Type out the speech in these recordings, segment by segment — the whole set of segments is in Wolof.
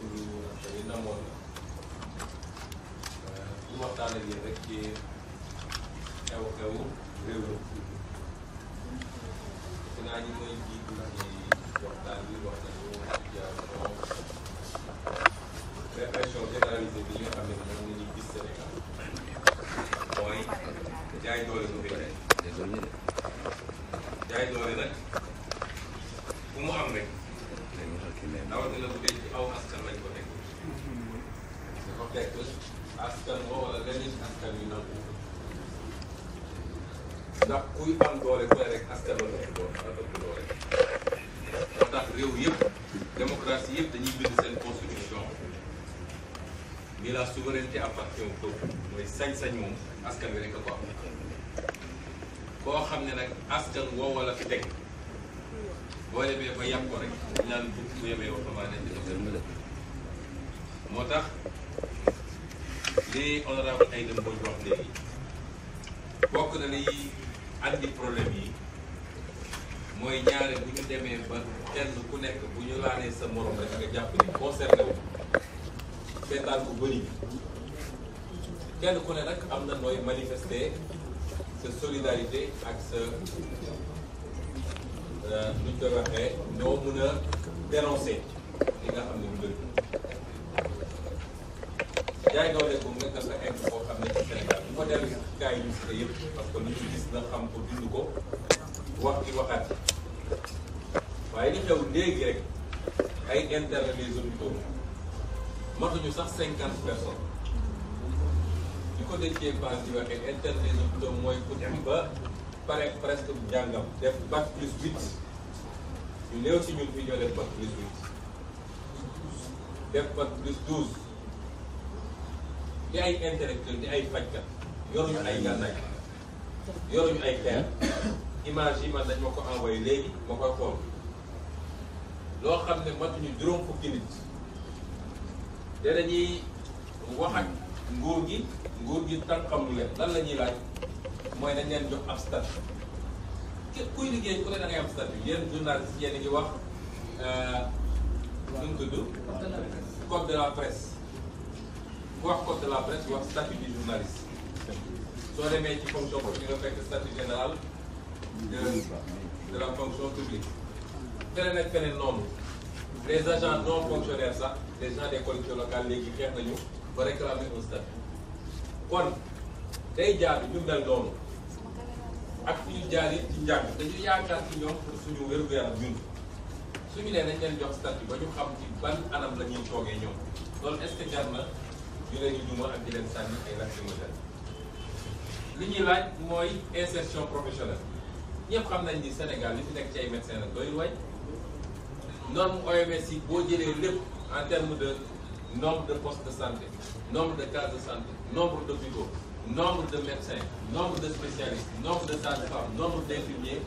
nekk lu ñu xel yi namoon la pour waxtaan ak yéen rek ci xew-xewu réew mi askan wi rek ko am koo xam ne nag askan woowa la fi teg boo demee ba yàq ko rek naan bu yemee wax damaa nekk dafa yëngu moo tax li honorable Aïda yi mooy ñaare bu ñu demee ba kenn ku nekk bu ñu laalee sa morom rek nga jàpp ni concerné wu seetaan ko bëri. kenn ku ne nag am na nooy manifester sa solidarité ak sa euh, nuñ koy waxee ñoo mën a dénoncer li nga xam ne mu bëri jaay doole boobu nag dafa ex koo xam ne ci Sénégal bu ko dellu gaa yi ñu si yëpp parce que lu ñu gis na xam ko dund ko wax ci waxaat waaye li xew léegi rek ay interne les hôpitaux matuñu sax 50 personnes ko dëkkee base di waxee interne de mooy ku dem ba pare presque jàngam def bac plus huit ñu néew si ñun fii ñoo def bac def bac plus douze di ay intellectuel di ay fajkat yoruñu ay gànnaay yoruñu ay xeer image yi ma dañ ma ko envoyé léegi ma koy xool loo xam ne matuñu juróom fukki nit te dañuy wax ak nguur gi nguur gi tànqamlu leen lan la ñuy laaj mooy nañ leen jox ab statut képp kuy liggéey ku ne da ngay am statut yéen journaliste yéen a wax euh, nu mu tudd code de la presse wax code de la presse wax statut du journaliste soo demee ci fonction publique nga fekk statut général de de la fonction publique feneen ak feneen noonu les agents non fonctionnaires sax les gens des collectivités locales léegi xeex nañu ba réclamer un statut kon day jaar ñu mel noonu ak fu ñu jaar ci njàng dañu yaakaar ci ñoom suñu wér-gu-yaram ñun suñu nee nañ leen jox statut ba ñu xam ci ban anam la ñuy toogee ñoom loolu est na ñu leen di duma ak di leen sànni ay lacrymogène li ñuy laaj mooy insertion professionnelle ñëpp xam nañ ni Sénégal li fi nekk ci ay médecins nag doy way norme OMS boo jëlee lépp. en terme de nombre de postes de santé, nombre de cases de santé, nombre de d'hôpitaux, nombre de médecins, nombre de spécialistes, nombre de sages-femmes, nombre d'infirmiers,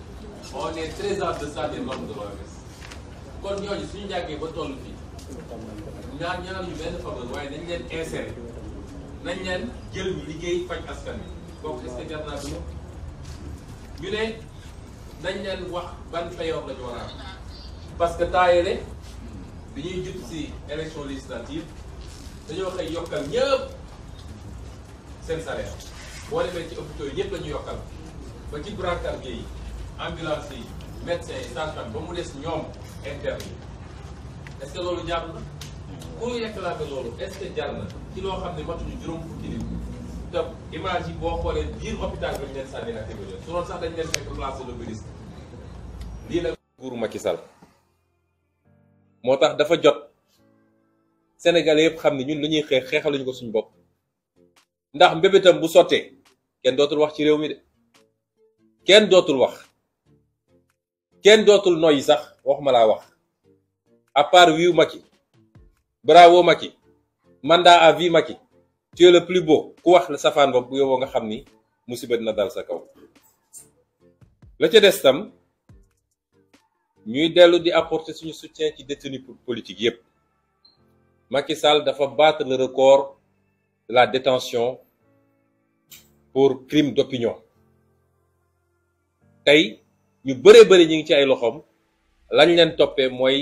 on est très en deçà des normes de l'OMS. kon ñooñu suñu jàggee ba toll fii ñaar ñaar ñu benn faveur waaye nañ leen insérer nañ leen jël ñu liggéey faj askan wi kooku est-ce que jar naa duma ñu ne nañ leen wax ban payoor la ñu war a am parce que taayale bi ñuy jub si élection législative dañoo xëy yokkal ñëpp seen salaire boo demee ci hôpitaux yi ñëpp la ñu yokkal ba ci brancardier yi ambulance yi médecins yi sage ba mu des ñoom interne yi est ce que loolu jàpp na kuy réclamer loolu est ce que jar na ci loo xam ne matuñu juróom fukki nit te image yi boo xoolee biir hôpital ba ñu leen sànni ak téeméer su doon sax dañ leen fekk place de l'Obélisque lii la nguuru Macky Sall moo dafa jot sénégalais yëpp xam ni ñun lu ñuy xeex xeexaluñu ko suñu bop ndax mbébétam bu sottee kenn dootul wax ci réew mi de kenn dootul wax kenn dootul noyyi sax waxuma laa wax à part wiiw Macky bravo Macky mandat à vie Macky tu es le plus beau ku wax la safaan ba bu yóbboo nga xam ni musiba dal sa kaw la tam ñuy dellu di apporter suñu soutien ci détenu politique. yépp Macky Sall dafa battre le record de la détention pour crime d'opinion tey ñu bëree bëri ñi ngi ci ay loxom lañ leen toppee mooy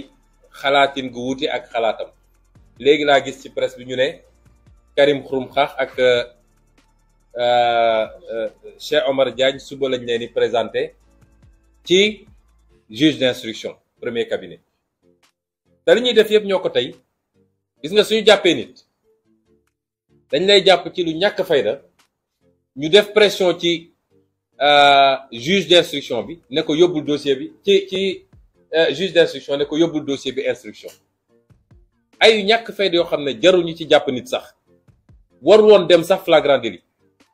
xalaatin gu wuti ak xalaatam léegi laa gis ci presse bi ñu ne Karim Xurum Xax ak euh, euh, euh, Cheikh Omar Diagne suba lañ leen di présenté ci juge d'instruction premier cabinet Nous avons def nos côtés. gis suñu nit dañ lay ci lu pression euh, juge d'instruction bi ne ko dossier euh, juge d'instruction ne ko dossier bi instruction ay fayda ñu ci nit sax war dem ça flagrant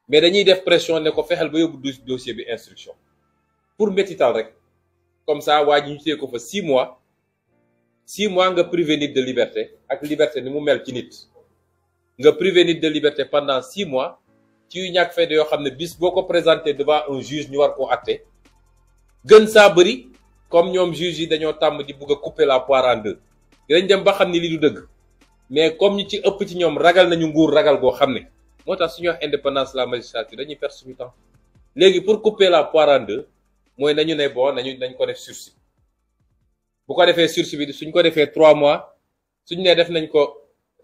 mais dañuy def pression ne ko ba dossier d'instruction. instruction pour métital comme ça on ñu six mois six mois nga privé de liberté ak liberté ni mu mel ci nit privé de liberté pendant six mois ci ñak fait de on devant un juge ñu war gën comme juge di couper la poire en deux dem ba li du mais comme ci ëpp ci ragal nañu nguur ragal indépendance la magistrature dañuy pour couper la poire en deux mooy nañu ne bon nañu nañ ko def sursis bu ko defee sursis bi suñ ko defee trois mois suñ ne def nañ ko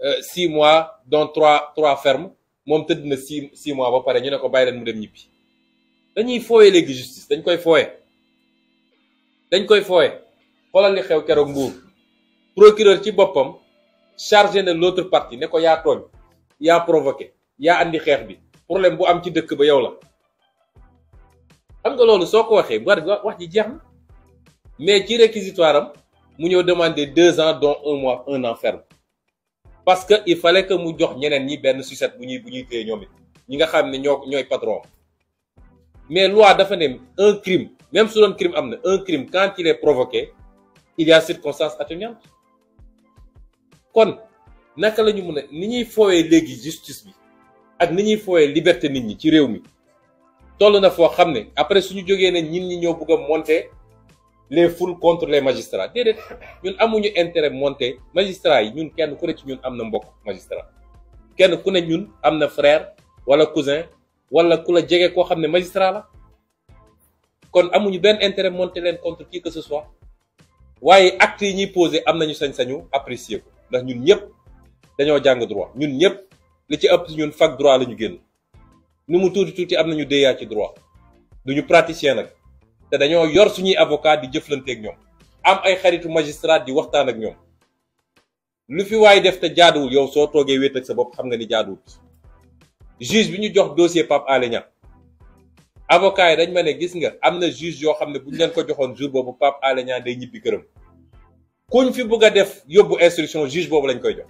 euh, six mois dont trois trois fermes moom tëdd na six six mois ba pare ñu ne ko bàyyi leen mu dem ñibbi dañuy fooyee léegi justice dañ koy fooye dañ koy fooye xoolal li xew keroog mbuur procureur ci boppam chargé na l'autre partie ne ko yaa tooñ yaa provoqué yaa andi xeex bi problème bu am ci dëkk ba yow la xam nga loolu soo ko waxee war wax ji jeex na mais ci réquisitoire am mu ñëw demander deux ans dont un mois un an ferme parce que il fallait que mu jox ñeneen ñi benn sucette bu ñuy bu ñuy téye ñoom it ñi nga xam ne ñoo ñooy patron mais loi dafa ne un crime même su doon crime am na un crime quand il est provoqué il y a circonstance atténuante kon naka la ñu mën a ni ñuy foowee léegi justice bi ak ni ñuy foowee liberté nit ñi ci réew mi toll na foo après suñu jógee ne ñin ñi ñoo bëgg monter les foules contre les magistrats déedéet ñun amuñu intérêt monter magistrats yi ñun kenn ku ne ci ñun am na mbokk magistrat kenn ku ne ñun am na frère wala cousin wala un la jege koo xam magistrat la kon amuñu benn intérêt monter les contre qui que ce soit Oui, acte yi ñuy posé am nañu sañ-sañu apprécier ko ndax ñun ñëpp dañoo jàng droit ñun ñëpp li ci ëpp ci ñun fac droit la ñu génn ni mu tuuti tuuti am nañu déyaa ci droit duñu praticien nag te dañoo yor suñuy avocat di jëflanteeg ñoom am ay xaritu magistrat di waxtaan ak ñoom lu fi waay def te jaaduwul yow soo toogee wéet ak sa bopp xam nga ni jaaduwul juge bi ñu jox dossier Pape Alé Niang avocat yi dañ ma ne gis nga am na juge yoo xam ne buñ leen ko joxoon jour boobu Pape Alé Niang day ñibbi këram kuñ fi bugg a def yóbbu instruction juge boobu lañ koy jox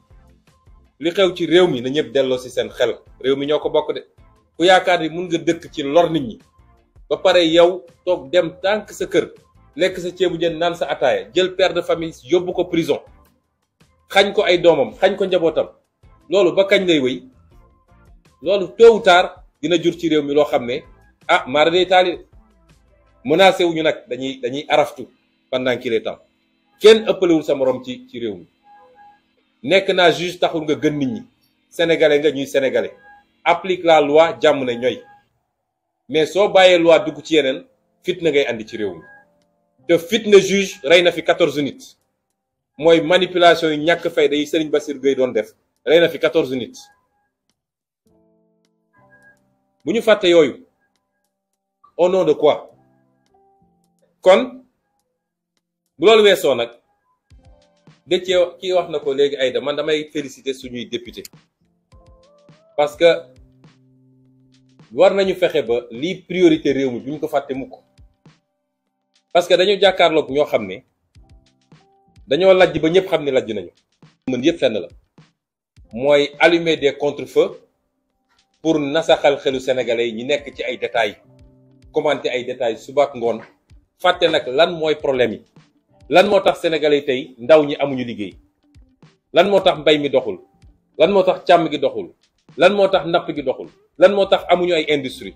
li xew ci réew mi na ñëpp delo si seen xel réew mi ñoo bokk de ku yaakaar ni mën nga dëkk ci lor nit ñi ba pare yow tok dem tank sa kër lek sa ceebu jeen nan sa ataaya jël père de famille yóbbu ko prison xagn ko ay domam xagn ko njabotam lolu ba kañ lay wéy lolu tôt ou tard dina jur ci réew mi loo xam ah maara day taali menacé ñu nak dañuy dañuy araftu pendant qu'il est temps kenn ëppalewul sa morom ci ci nekk naa juge taxul nga gën nit ñi sénégalais nga ñuy sénégalais applique la loi jàmm ne ñooy mais soo bàyyee loi dugg ci yeneen fitna ngay indi ci réew mi te fitna juge rey na fi 14 nit mooy manipulation yi ñàkk fayda yi Serigne Bassir Gueye doon def rey na fi 14 nit bu ñu fàtte yooyu au nom de quoi kon bu loolu weesoo nag. De kii wax na ko léegi Aïda man damay féliciter suñuy député parce que war nañu fexe ba lii priorité réew mi duñ ko fàtte mukk parce que dañu jàkkaarloog ñoo xam ne dañoo lajj ba ñëpp xam ne lajj nañu mën yëpp fenn la mooy allumer des contre-feux pour nasaxal xelu sénégalais yi ñu nekk ci ay détails commenter ay détails suba ak ngoon fàtte nag lan mooy problème yi lan moo tax sénégalais tey ndaw ñi amuñu liggéey lan moo tax mbay mi doxul lan moo tax càmm gi doxul lan moo tax napp gi doxul lan moo tax amuñu ay industrie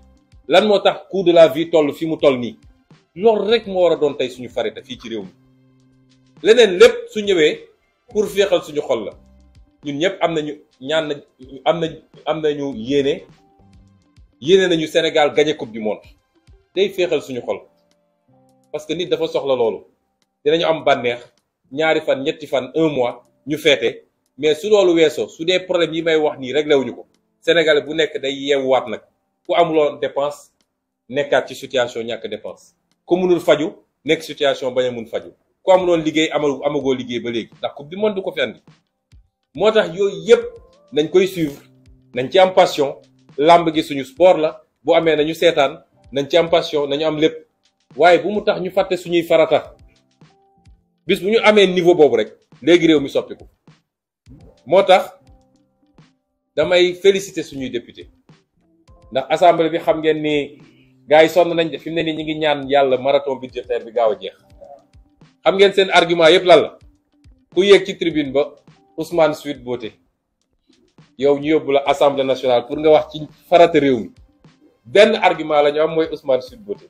lan moo tax coût de la vie toll fi mu toll nii loolu rek moo war a doon tey suñu farita fii ci réew mi leneen lépp su ñëwee pour féexal suñu xol la ñun ñëpp am nañu ñaan na am na ñu nañu yéene yéene nañu Sénégal gagné bi du tey day féexal suñu xol parce que nit dafa soxla loolu dinañu am banex ñaari fan ñetti fan 1 mois ñu fété mais su loolu wesso su dee problème yi may wax ni réglé wuñu ko Sénégal bu nek day wat nak ku lo dépense nekkat ci situation ñak dépense ku mënul faju nek situation baña faju ku amulon liggéey amal amago liggéey ba légui ndax coupe du monde ko fi motax yoy tax nañ koy suivre nañ ci am passion lamb gi suñu sport la bu amé nañu sétane nañ ci am passion nañu am lepp waye bu mu tax ñu faté suñuy farata bis buñu amé niveau bobu rek légui réew mi soppiku moo tax damay féliciter suñu député ndax assemblée bi xam ngeen ni gaay son nañ de fimné ni ñi ngi ñaan yalla marathon budgétaire bi gaaw jeex xam ngeen seen argument yépp lan la ku yéeg ci tribune ba Ousmane Suite Boté yow ñu yóbbu la assemblée nationale pour nga wax ci farata réew mi Ben, argument la ñu am mooy Ousmane Suite Boté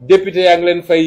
député yaa ngi leen fay.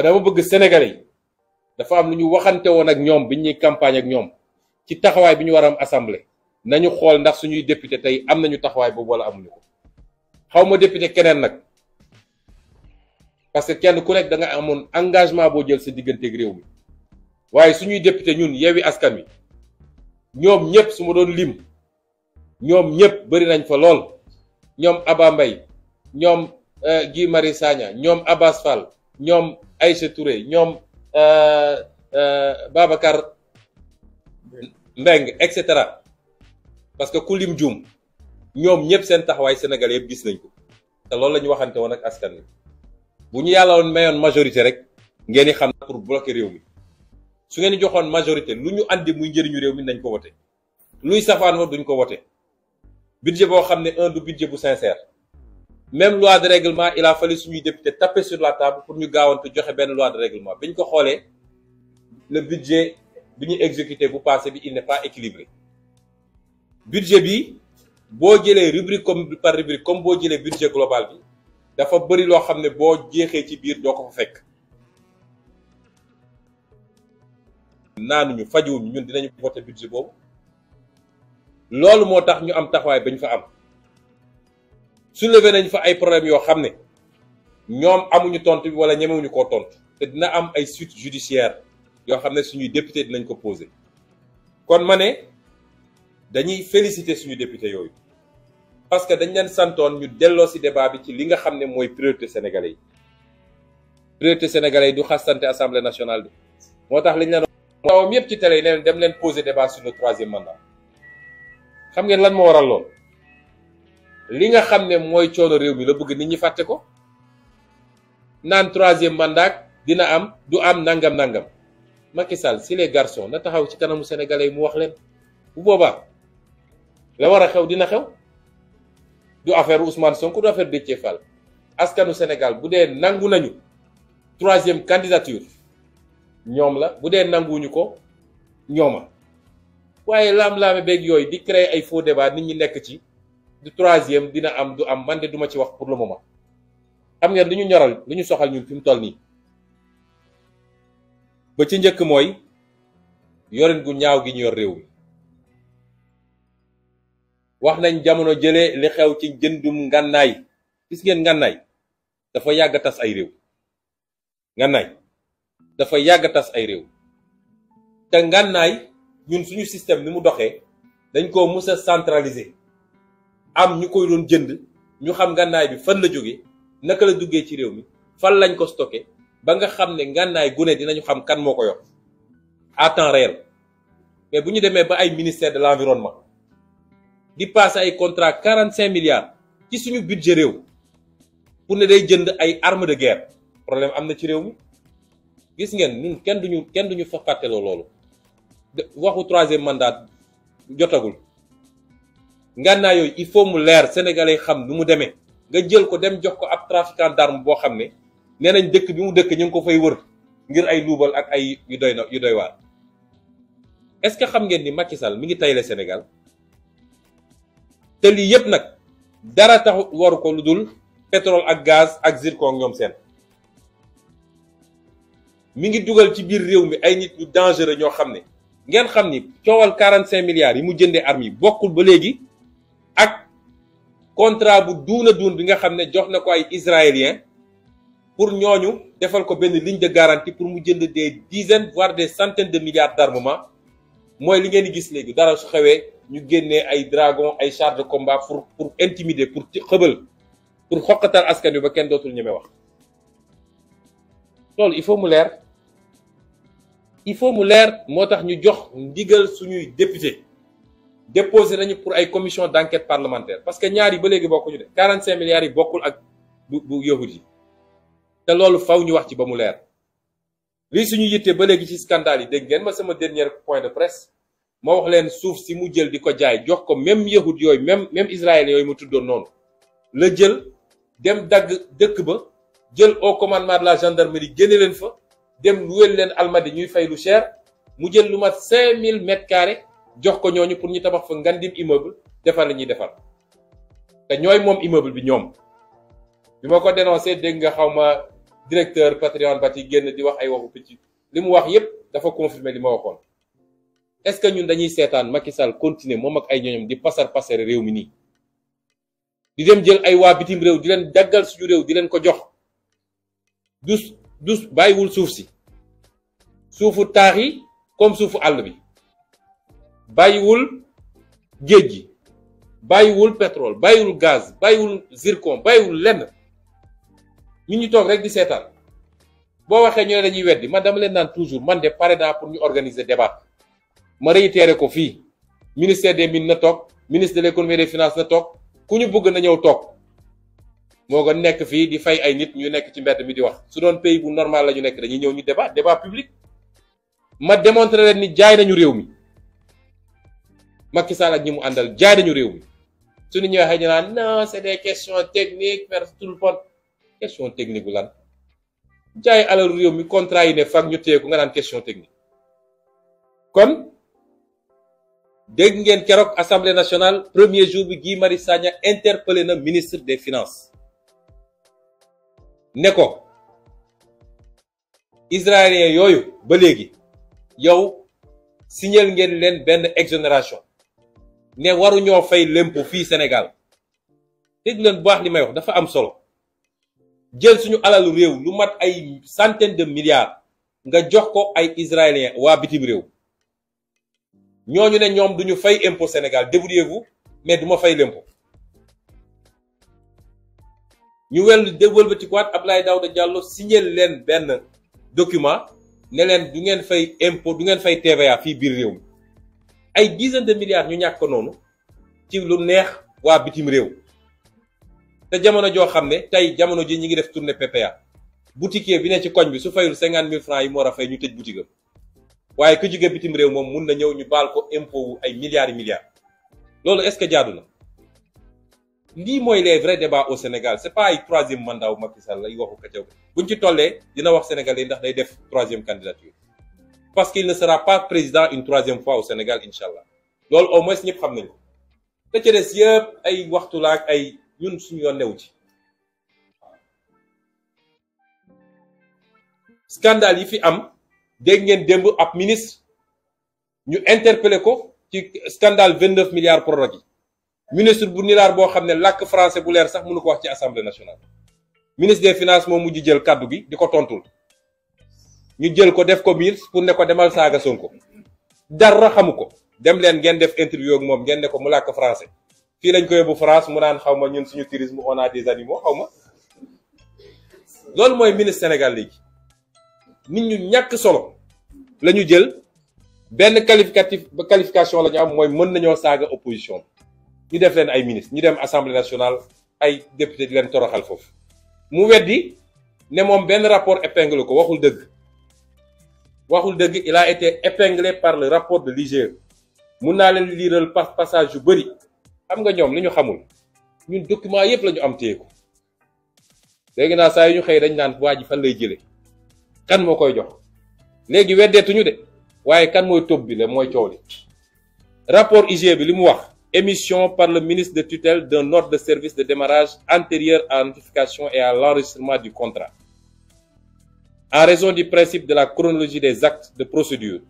dama bëgg sénégalais dafa am lu ñu waxante woon ak ñoom biñ ñuy campagne ak ñoom ci taxawaay bi ñu war a am assemblée nañu xool ndax suñuy député tey am nañu taxawaay boobu wala amuñu ko xaw ma député keneen nag parce que kenn ku nekk da nga amoon engagement boo jël sa digganteeg réew mi waaye suñuy député ñun yewi Askan Wi ñoom ñëpp su ma doon lim ñoom ñëpp bari nañ fa lool ñoom Aba Mbaye ñoom euh, Guy Marius ñoom abbas Fall ñom aïcha Touré euh, euh Babacar Mbeng etc. parce que Koulim Djoum, ñom ñep sen taxaway Sénégalais yeb gis nañ ko té loolu waxanté won ak askan majorité rek ngeen xam pour bloquer réew majorité lu andi muy nañ ko luy budget un du budget sincère même loi de règlement il a fallu suñuy député taper sur la table pour nous gaawantu joxe benn loi de règlement bi ñu ko le budget bi exécuté bu passé bi il n'est pas équilibré budget bi boo jëlee rubrique par rubrique comme boo jëlee budget global bi dafa bëri loo xam ne boo jeexee ci biir Nous avons fait fekk budget. fajuwuñu ñun dinañu voté budget boobu loolu moo tax ñu am fa soulever nañ fa ay problèmes yo xamné ñom amuñu tontu bi wala ñemewuñu ko tontu té dina am ay suite judiciaire yo xamné suñu député dinañ ko poser kon mané dañuy féliciter suñu député yooyu parce que dañ leen santone ñu delloo ci débat bi ci li nga xamné moy priorité sénégalais priorité sénégalais du xasante assemblée nationale bi moo tax lañ leen taawam ci télé yi dem leen poser débat sur le troisième mandat xam ngeen lan mo waral lool li nga xam ne mooy coono réew mi la bëgg nit ñi fàtte ko naan troisième mandat dina am du am nangam nangam Macky Sall si les garçons na taxaw ci kanamu sénégalais mu wax leen bu boobaa la war a xew dina xew du affaire Ousmane Sonko du affaire Déthié Fall askanu Sénégal bu dee nangu nañu troisième candidature ñoom la bu dee nanguwuñu ko ñooma waaye laam-laame beeg yooyu di créer ay de baa nit ñi nekk ci. du troisième dina am du am man de duma ci wax pour le moment xam ngeen li ñu ñoral li ñu soxal ñun fi mu toll nii ba ci njëkk mooy yorin gu ñaaw gi ñu yor réew mi wax nañ jamono jëlee li xew ci jëndum ngànnaay gis ngeen ngànnaay dafa yàgg tas ay réew ngànnaay dafa yàgg tas ay réew te ngànnaay ñun suñu système ni mu doxee dañ ko mus a centraliser am ñu koy doon jënd ñu xam ngànnaay bi fan la jóge naka la duggee ci réew mi fan lañ ko stocké ba nga xam ne ngànnaay gune dinañu xam kan moo ko yor à temps réel mais bu ñu demee ba ay ministère de l'environnement di passé ay contrat quarante cinq milliards ci suñu budget réew pour ne day jënd ay armes de guerre problème am na ci réew mi gis ngeen ñun kenn duñu kenn duñu fa fàtteloo loolu waxu troisième mandat jotagul ngànnaa yooyu il faut mu leer sénégalais xam nu mu demee nga jël ko dem jox ko ab trafiquant d'arme boo xam ne nee nañ dëkk bi mu dëkk ñu ngi ko fay wër ngir ay luubal ak ay yu doy na yu doy waar est-ce que xam ngeen ni Macky Sall mi ngi tayle Sénégal te lii yépp nag dara tax waru ko lu dul pétrole ak gaz ak zircon ñoom seen mi ngi dugal ci biir réew mi ay nit yu dangereux ñoo xam ne ngeen xam ni coowal 45 milliards yi mu jëndee armes yi bokkul ba léegi ak contrat bu duuna duun bi nga xam ne jox na ko ay israéliens pour ñooñu defal ko benn ligne de garantie pour mu jënd des dizaines voire des centaines de milliards d'armements mooy li ngeen di gis léegi dara su xewee ñu génnee ay dragon ay chars de combat pour pour intimider pour xëbal pour xoqatal askan wi ba kenn dootul ñeme wax loolu il faut mu leer il faut mu leer moo tax ñu jox ndigal suñuy député déposé nañu pour ay commission d'enquête parlementaire parce que ñaar yi ba léegi bokkuñu de 45 milliards yi bokkul ak bu bu yahut yi te loolu faw ñu wax ci ba mu leer lii suñu yittee ba léegi ci scandale yi dégg ngeen ma sama dernière point de presse ma wax leen suuf si mu jël di ko jaay jox ko même yahut yooyu même même Israël yooyu mu tuddoon noonu la jël dem dagg dëkk ba jël au commandement de la gendarmerie génne leen fa dem luwel leen almadi ñuy fay lu cher mu jël lu mat 5000 mètres carrés jox ko ñooñu pour ñu tabax fa ngandim immeuble defal la ñuy defar te ñooy moom immeuble bi ñoom bi ma ko dénoncé dégg nga xaw ma directeur Patrimoine Bâti génn di wax ay waxu picc li mu wax yépp dafa confirmer li ma est-ce que ñun dañuy seetaan Macky Sall continuer moom ak ay ñooñam di pasar pasar réew mi nii di dem jël ay waa bitim réew di leen daggal suñu réew di leen ko jox dus dus bàyyiwul suuf si suufu taax yi comme suufu àll bi bayiwul géej gi pétrole bayiwul gaz bayiwul zircon bayiwul lenn ñun ñu toog rek di seetaan boo waxee ñu ne dañuy weddi man dama leen naan toujours man de pare naa pour ñu organiser débat ma réitéré ko fii ministère des mines na toog ministre de l'économie et des finances na toog ku ñu bëgg na ñëw toog moo nekk fii di fay ay nit ñu nekk ci mbedd mi di wax su doon pays bu normal la ñu nekk dañuy ñëw ñu débat débat public ma démontrer leen ni jaay nañu réew mi. Macky Sall ak ñi mu àndal jaay nañu réew mi suñu ñëwee xëy ñu naa non c'est des questions techniques vers tout le monde question technique bu lan jaay alalu réew mi contrat yi ne fag ñu téye nga naan question technique kon dégg ngeen keroog assemblée nationale premier jour bi Guy Marius Sagna interpellé na ministre des finance ne ko israélien yooyu ba léegi yow signal ngeen leen benn exonération ne waruñoo fay l'impôt fii Sénégal dégg leen bu baax li may dafa am solo jël suñu alalu réew lu mat ay centaine de milliards nga jox ko ay israéliens waa bitim réew ñoo ñu ne ñoom duñu fay impôt Sénégal débrouillez-vous mais duma fay l'impôt ñu wel déwëlbatikuwaat Abdoulaye Daouda Diallo signé leen benn document neleen leen du ngeen fay impôt du ngeen fay TVA fii biir réew ay dizaine de milliards ñu ñàkk ko noonu ci lu neex waa bitim réew te jamono joo xam ne tey jamono ji ñi ngi def tournée PPA boutiquier bi ne ci koñ bi su fayul cinquante mille francs yi moo rafet ñu tëj boutique am waaye ku jóge bitim réew moom mun na ñëw ñu baal ko impo wu ay milliards yi milliards loolu est-ce que jaadu na lii mooy les vrais débats au Sénégal c'est pas ay troisième mandat wu Macky Sall lay waxu kacaw buñ ci tollee dina wax sénégalais ndax day def troisième candidature parce qu'il ne sera pas président une troisième fois au Sénégal inshallah. allah au moins c'est xam nañu ko da ca des yëpp ay waxtu la ak ay ñun suñu yoon ci scandale yi fi am dégg ngeen démb ab ministre ñu interpellé ko scandale 29 milliards prorogue Le ministre bu nilaar boo xam français bu leer sax mënu ko wax ci assemblée nationale ministre des finances moo mujj jël kàddu gi di ko ñu jël ko def ko miir pour ne ko demal saaga Sonko dara xamu ko dem leen ngeen def interview ak moom ngeen ne ko mu làkk français fii lañ ko yóbbu France mu naan xaw ma ñun suñu tourisme on a des animaux xaw ma loolu mooy ministre Sénégal léegi nit ñu ñàkk solo la ñu jël benn qualificatif ba qualification la ñu am mooy mën nañoo saaga opposition ñu def leen ay ministre ñu dem assemblée nationale ay député di leen toroxal foofu mu weddi ne moom benn rapport épingle ko waxul dëgg. waxul deug il a été épinglé par le rapport de l'IGE mun naa leen liiral passage yu bëri xam nga ñom li xamul ñun document yépp lañu am téye ko léegi naa saa yu ñu dañ nan waji fan lay jëlee kan mo koy jox légui weddeetuñu de waye kan moy top bi la moy ciowli rapport IGE bi limu wax émission par le ministre de tutelle d'un ordre de service de démarrage antérieur à la notification et à l'enregistrement du contrat en raison du principe de la chronologie des actes de procédure,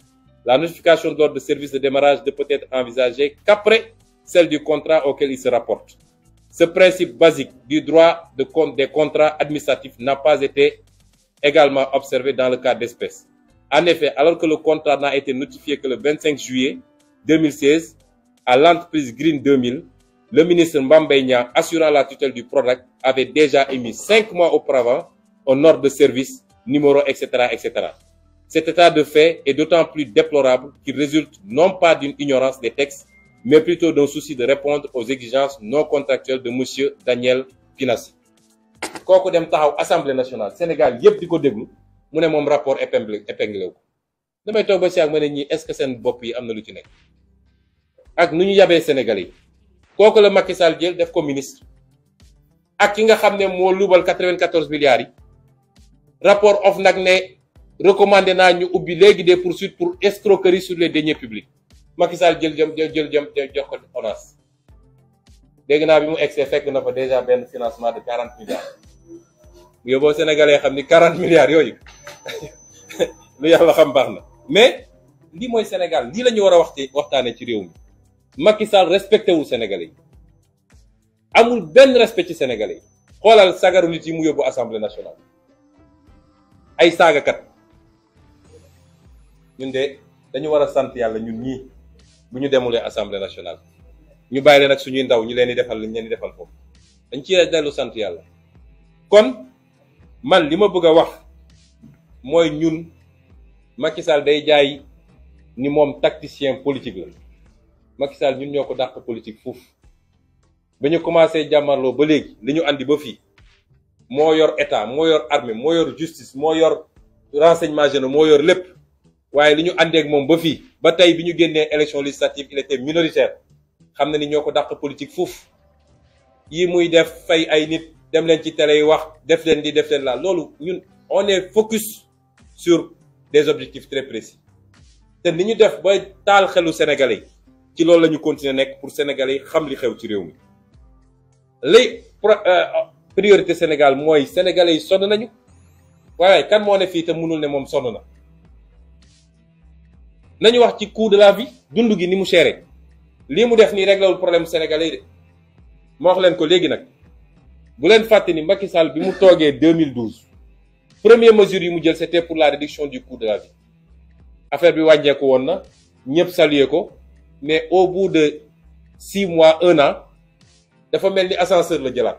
la notification d'ordre de service de démarrage ne peut être envisagée qu'après celle du contrat auquel il se rapporte. Ce principe basique du droit de des contrats administratifs n'a pas été également observé dans le cas d'espèce. En effet, alors que le contrat n'a été notifié que le 25 juillet 2016 à l'entreprise Green 2000, le ministre Mbambegna, assurant la tutelle du projet, avait déjà émis cinq mois auparavant un ordre de service Numéro, etc., etc. Cet état de fait est d'autant plus déplorable qu'il résulte non pas d'une ignorance des textes, mais plutôt d'un souci de répondre aux exigences non contractuelles de Monsieur Daniel Quand on dem taxaw assemblée nationale Sénégal yëpp di ko déglu mu ne moom rapport épinglé Je vais ko damay ba si ak est-ce que c'est un yi am na lu ci des ak Sénégalais Quand le Macky Sall jël def ko ministre ak ki nga xam le moo 94 milliards rapport OFNAC ne recommandé na ñu ubbi légui des poursuites pour escroquerie sur les deniers publics Macky Sall jël jëm jël jëm jox ko ONAS dégg naa bi mu egsee fekk na fa déjà ben financement de 40 milliards yow boo sénégalais xamni 40 milliards yoy lu yalla xam baax na mais li moy Sénégal li la ñu war a waxte ci réew mi Macky Sall respecté wul sénégalais amul ben respect ci sénégalais xolal sagaru nit yi mu yóbbu assemblée nationale. ay kat ñun de dañu wara sante yalla ñun ñi bu ñu demulee assemblée nationale ñu bayilé nak suñu ndaw ñu leen di defal lañ leen defal dañ ci dellu sante yalla kon man lima bëgg wax moy ñun Macky Sall day jaay ni mom tacticien politique la Macky Sall ñun ñoko dakk politique fofu bañu commencé jamarlo ba légui li ñu andi ba fi moo yor état moo yor armée moo yor justice moo yor renseignement généraux moo yor lépp waaye li ñu àndee ak moom ba fii ba tey bi ñu génnee élection législative il était minoritaire xam na ni ñoo ko dàq politique fuuf yi muy def fay ay nit dem leen ci télé yi wax def leen di def leen laa loolu ñun on est focus sur des objectifs très précis te ni ñu def ba taal xelu sénégalais yi ci loolu la ñu continuer nekk pour sénégalais yi xam li xew ci réew mi li euh, priorité Sénégal moi, sénégalais yi sonn nañu waaye kan mo ne fi té mënul né mom sonna na nañu wax ci coût de la vie dundu gi ni mu chéré li mu def nii réglewul problème sénégalais dé mo wax len ko légui nak bu len faté ni Macky Sall bi mu togué 2012 première mesure yi mu jël c'était pour la réduction du coût de la vie affaire bi wàññeeku woon na ñepp saluer ko mais au bout de six mois un an dafa melni ascenseur la jëlat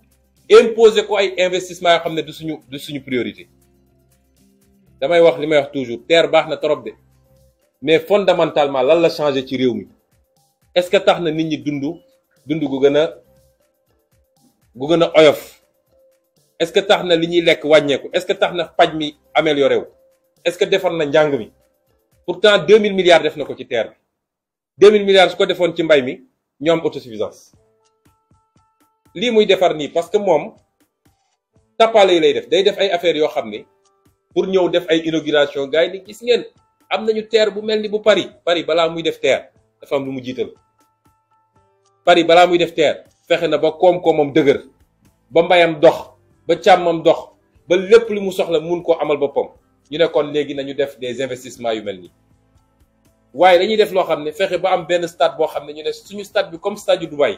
imposer ko ay investissement yoo ne du suñu du suñu priorité damay wax limay wax toujours terre baax na trop de mais fondamentalement là la changé ci réew mi est-ce que tax na nit ñi dundu dund gu gën gu oyof est-ce que tax na li ñuy lekk est-ce que tax na paj mi amélioré est-ce que defar na njàng mi pourtant 2000 milliards def na ci terre bi milliards su ko defoon ci mbay mi ñoo autosuffisance li muy defar parce que moom def def affaires pour ñëw def ay inauguration ni gis ngeen am terre bu Paris Paris balaa muy def terre dafa am lu mu jiital Paris balaa muy def terre fexe na ba koom-koomam dëgër ba mbayam dox ba càmmam dox ba lépp lu mu soxla mun koo amal boppam ñu ne kon léegi nañu def des investissements yu mel dañuy def loo xam ne ba am stade stade comme stade du Dubaï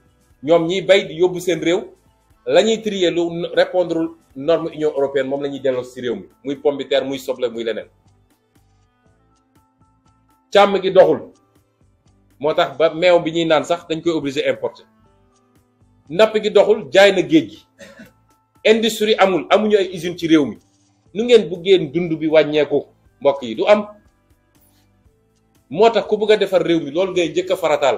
ñoom ñiy bay di yóbbu seen réew lañuy ñuy trier lu répondre norme union européenne moom la ñuy delloo si réew mi muy pomme muy soble muy leneen càmm gi doxul moo tax ba meew bi ñuy naan sax dañ koy obligé importer napp gi doxul jaay na géej gi industrie amul amuñu ay usine ci réew mi nu ngeen buggeen dund bi wàññeeku mbokk yi du am moo tax ku bëgg a defar réew mi loolu ngay njëkk a farataal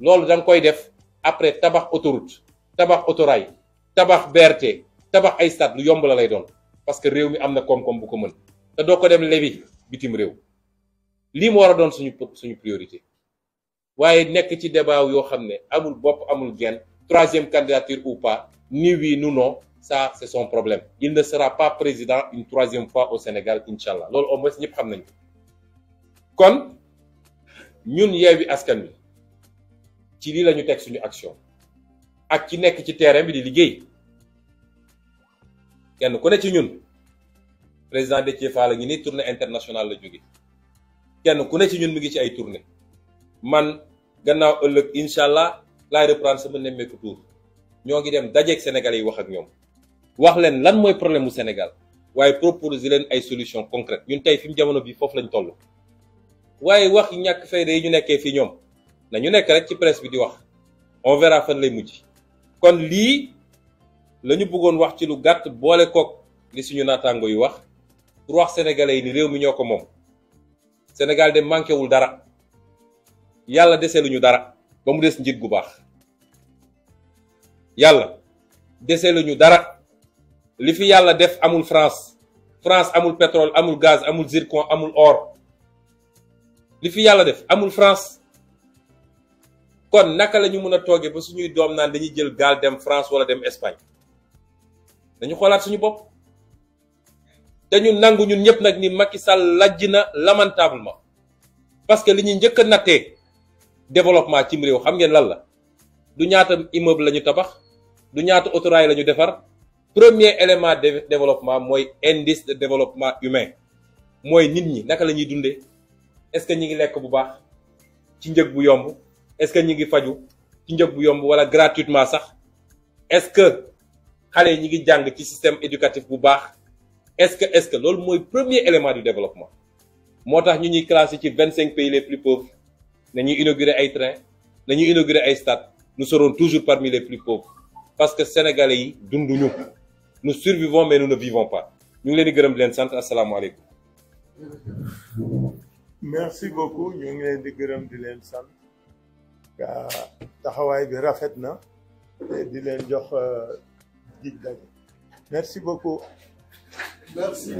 loolu da nga koy def après tabax autoroute tabax autorail tabax BRT tabax ay stade lu yomb la lay doon parce que réew mi am na koom-koom bu ko mën te doo ko dem levi bitim réew lii mu war a doon suñu suñu priorité waaye nekk ci débat yoo xam ne amul bopp amul genn troisième candidature ou pas ni oui ni non ça c'est son problème il ne sera pas président une troisième fois au Sénégal incha allah loolu au moins ñëpp xam nañu kon ñun Yewwi Askan Wi ci li lañu tek suñu action ak ci nekk ci terrain bi di liggéey kenn ku ne ci ñun président Déthié Fall la ngi ni tournée internationale la jóge kenn ku ne ci ñun mi ngi ci ay tournée man gannaaw ëllëg incha allah laay reprendre sama nemmeeku tour ñoo ngi dem dajeeg Sénégalais yi wax ak ñoom wax leen lan mooy problème mu Sénégal waaye proposer leen ay solution concrète ñun tey fi mu jamono bi foofu lañ toll waaye wax yi ñàkk fay yi ñu nekkee fi ñoom nañu nekk rek ci presse bi di wax on verra fan lay mujj kon lii lañu bëggoon wax ci lu gàtt boole kook li suñu naataango yu wax pour wax sénégalais yi ni réew mi ñoo ko moom senegal de manqué wul dara yàlla dese lu ñu dara ba mu des njiit gu baax yàlla dese lu dara li fi yàlla def amul France France amul pétrole amul gaz amul zircon amul or li fi yàlla def amul France. kon naka la ñu mën a toogee ba suñuy doom naan dañuy jël gaal dem France wala dem Espagne dañu xoolaat suñu bopp dañu nangu ñun ñëpp nag ni Macky Sall lajj na lamentablement parce que li ñuy njëkk a nattee développement ci réew xam ngeen lan la du ñaata immeuble la ñu tabax du ñaata autorail la ñu defar premier élément de développement mooy indice de développement humain mooy nit ñi naka la ñuy dundee est-ce que ñi ngi lekk bu baax ci njëg bu yomb. est-ce que ñi ngi faju ci njëg bu yomb wala gratuitement sax est-ce que xalé ñi ngi jang ci système éducatif bu baax est-ce que est-ce que lool moy premier élément du développement motax ñu ñi classé ci 25 pays les plus pauvres nañuy inaugurer ay trains nañuy inaugurer ay stades nous serons toujours parmi les plus pauvres parce que sénégalais yi dunduñu nous survivons mais nous ne vivons pas ñu ngi leen di gërëm di leen sant alaykum merci beaucoup ñu ngi leen di gërëm di leen sant taxawaay bi rafet na te di leen jox euh, dig daje merci beaucoup merci